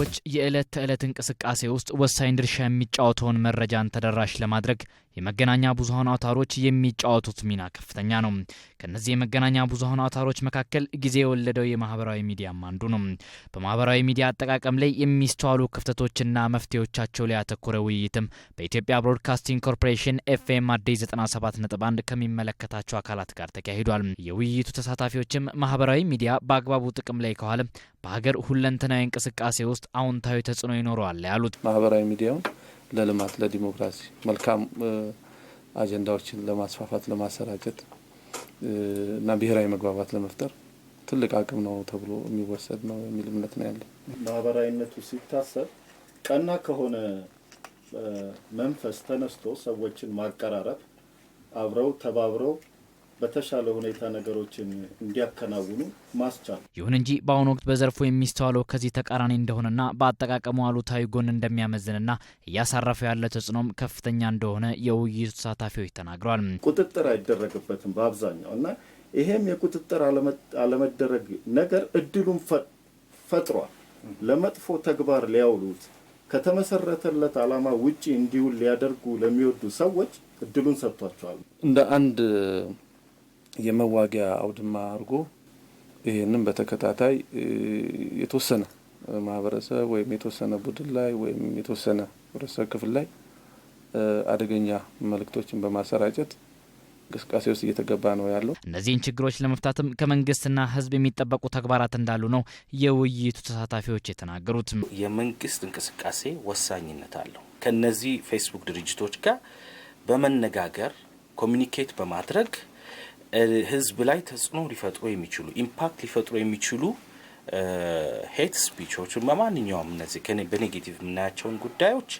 ሰዎች የዕለት ተዕለት እንቅስቃሴ ውስጥ ወሳኝ ድርሻ የሚጫወተውን መረጃን ተደራሽ ለማድረግ የመገናኛ ብዙሀን አውታሮች የሚጫወቱት ሚና ከፍተኛ ነው። ከነዚህ የመገናኛ ብዙሀን አውታሮች መካከል ጊዜ የወለደው የማህበራዊ ሚዲያም አንዱ ነው። በማህበራዊ ሚዲያ አጠቃቀም ላይ የሚስተዋሉ ክፍተቶችና መፍትሄዎቻቸው ላይ ያተኮረ ውይይትም በኢትዮጵያ ብሮድካስቲንግ ኮርፖሬሽን ኤፍኤም አዲስ 1 ከሚመለከታቸው አካላት ጋር ተካሂዷል። የውይይቱ ተሳታፊዎችም ማህበራዊ ሚዲያ በአግባቡ ጥቅም ላይ ከዋለ በሀገር ሁለንተናዊ እንቅስቃሴ ውስጥ አዎንታዊ ተጽዕኖ ይኖረዋል ያሉት ማህበራዊ ሚዲያው ለልማት፣ ለዲሞክራሲ መልካም አጀንዳዎችን ለማስፋፋት፣ ለማሰራጨት እና ብሔራዊ መግባባት ለመፍጠር ትልቅ አቅም ነው ተብሎ የሚወሰድ ነው የሚል እምነት ነው ያለ። ማህበራዊነቱ ሲታሰብ ቀና ከሆነ መንፈስ ተነስቶ ሰዎችን ማቀራረብ አብረው ተባብረው በተሻለ ሁኔታ ነገሮችን እንዲያከናውኑ ማስቻል። ይሁን እንጂ በአሁኑ ወቅት በዘርፉ የሚስተዋለው ከዚህ ተቃራኒ እንደሆነና በአጠቃቀሙ አሉታዊ ጎን እንደሚያመዝንና እያሳረፈው ያለ ተጽዕኖም ከፍተኛ እንደሆነ የውይይቱ ተሳታፊዎች ተናግረዋል። ቁጥጥር አይደረግበትም በአብዛኛው እና ይሄም የቁጥጥር አለመደረግ ነገር እድሉን ፈጥሯል። ለመጥፎ ተግባር ሊያውሉት ከተመሰረተለት ዓላማ ውጪ እንዲውል ሊያደርጉ ለሚወዱ ሰዎች እድሉን ሰጥቷቸዋል። እንደ አንድ የመዋጊያ አውድማ አድርጎ ይህንም በተከታታይ የተወሰነ ማህበረሰብ ወይም የተወሰነ ቡድን ላይ ወይም የተወሰነ ህብረተሰብ ክፍል ላይ አደገኛ መልእክቶችን በማሰራጨት እንቅስቃሴ ውስጥ እየተገባ ነው ያለው። እነዚህን ችግሮች ለመፍታትም ከመንግስትና ህዝብ የሚጠበቁ ተግባራት እንዳሉ ነው የውይይቱ ተሳታፊዎች የተናገሩት። የመንግስት እንቅስቃሴ ወሳኝነት አለው። ከነዚህ ፌስቡክ ድርጅቶች ጋር በመነጋገር ኮሚኒኬት በማድረግ ህዝብ ላይ ተጽዕኖ ሊፈጥሩ የሚችሉ ኢምፓክት ሊፈጥሩ የሚችሉ ሄት ስፒቾች በማንኛውም እነዚህ በኔጌቲቭ የምናያቸውን ጉዳዮች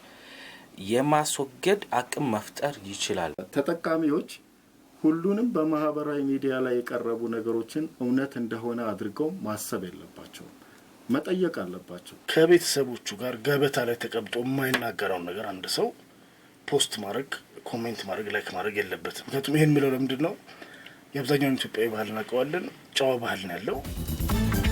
የማስወገድ አቅም መፍጠር ይችላል። ተጠቃሚዎች ሁሉንም በማህበራዊ ሚዲያ ላይ የቀረቡ ነገሮችን እውነት እንደሆነ አድርገው ማሰብ የለባቸውም፣ መጠየቅ አለባቸው። ከቤተሰቦቹ ጋር ገበታ ላይ ተቀምጦ የማይናገረውን ነገር አንድ ሰው ፖስት ማድረግ፣ ኮሜንት ማድረግ፣ ላይክ ማድረግ የለበትም። ምክንያቱም ይህን የሚለው ለምንድን ነው? የአብዛኛውን ኢትዮጵያዊ ባህል እናውቀዋለን። ጨዋ ባህል ነው ያለው።